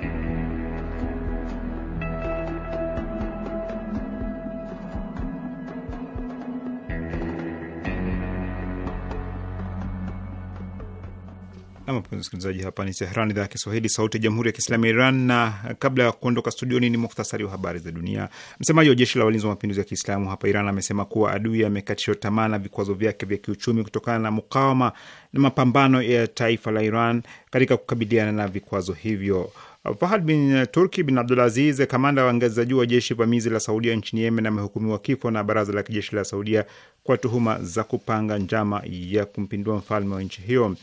Namapea msikilizaji, hapa ni Tehran, idhaa ya Kiswahili, sauti ya jamhuri ya kiislamu ya Iran. Na kabla ya kuondoka studioni, ni muktasari wa habari za dunia. Msemaji wa jeshi la walinzi wa mapinduzi ya Kiislamu hapa Iran amesema kuwa adui amekatishwa tamaa na vikwazo vyake vya kiuchumi kutokana na mukawama na mapambano ya taifa la Iran katika kukabiliana na vikwazo hivyo. Fahad bin Turki bin Abdulaziz, kamanda wa ngazi za juu wa jeshi vamizi la Saudia nchini Yemen, amehukumiwa kifo na baraza la kijeshi la Saudia kwa tuhuma za kupanga njama ya kumpindua mfalme wa nchi hiyo.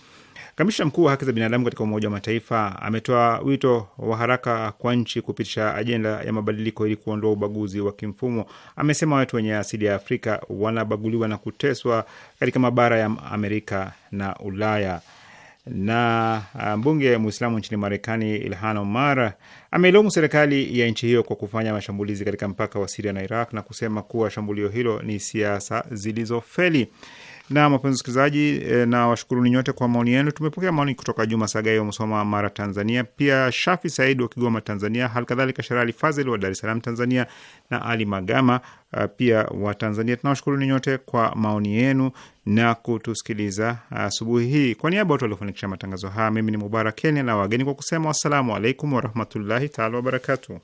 Kamishna mkuu wa haki za binadamu katika Umoja wa Mataifa ametoa wito wa haraka kwa nchi kupitisha ajenda ya mabadiliko ili kuondoa ubaguzi wa kimfumo. Amesema watu wenye asili ya Afrika wanabaguliwa na kuteswa katika mabara ya Amerika na Ulaya. Na ah, mbunge Mwislamu nchini Marekani Ilhan Omar ameilaumu serikali ya nchi hiyo kwa kufanya mashambulizi katika mpaka wa Siria na Iraq na kusema kuwa shambulio hilo ni siasa zilizofeli. Na wapenzi wasikilizaji, eh, na ni nyote kwa maoni yenu. Tumepokea maoni kutoka Juma Sagai wa Musoma, Mara, Tanzania, pia Shafi Said wa Kigoma, Tanzania, kadhalika Sherali Fazil wa Dar es Salaam, Tanzania, na Ali Magama eh, pia wa Tanzania. ni nyote kwa maoni yenu na kutusikiliza eh, asubuhi hii. Kwa niaba watu waliofanikisha matangazo haya, mimi ni Mubarak Kenya na wageni kwa kusema wassalamu alaikum warahmatullahi taala wabarakatu.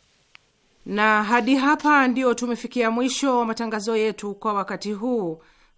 Na hadi hapa ndio tumefikia mwisho wa matangazo yetu kwa wakati huu.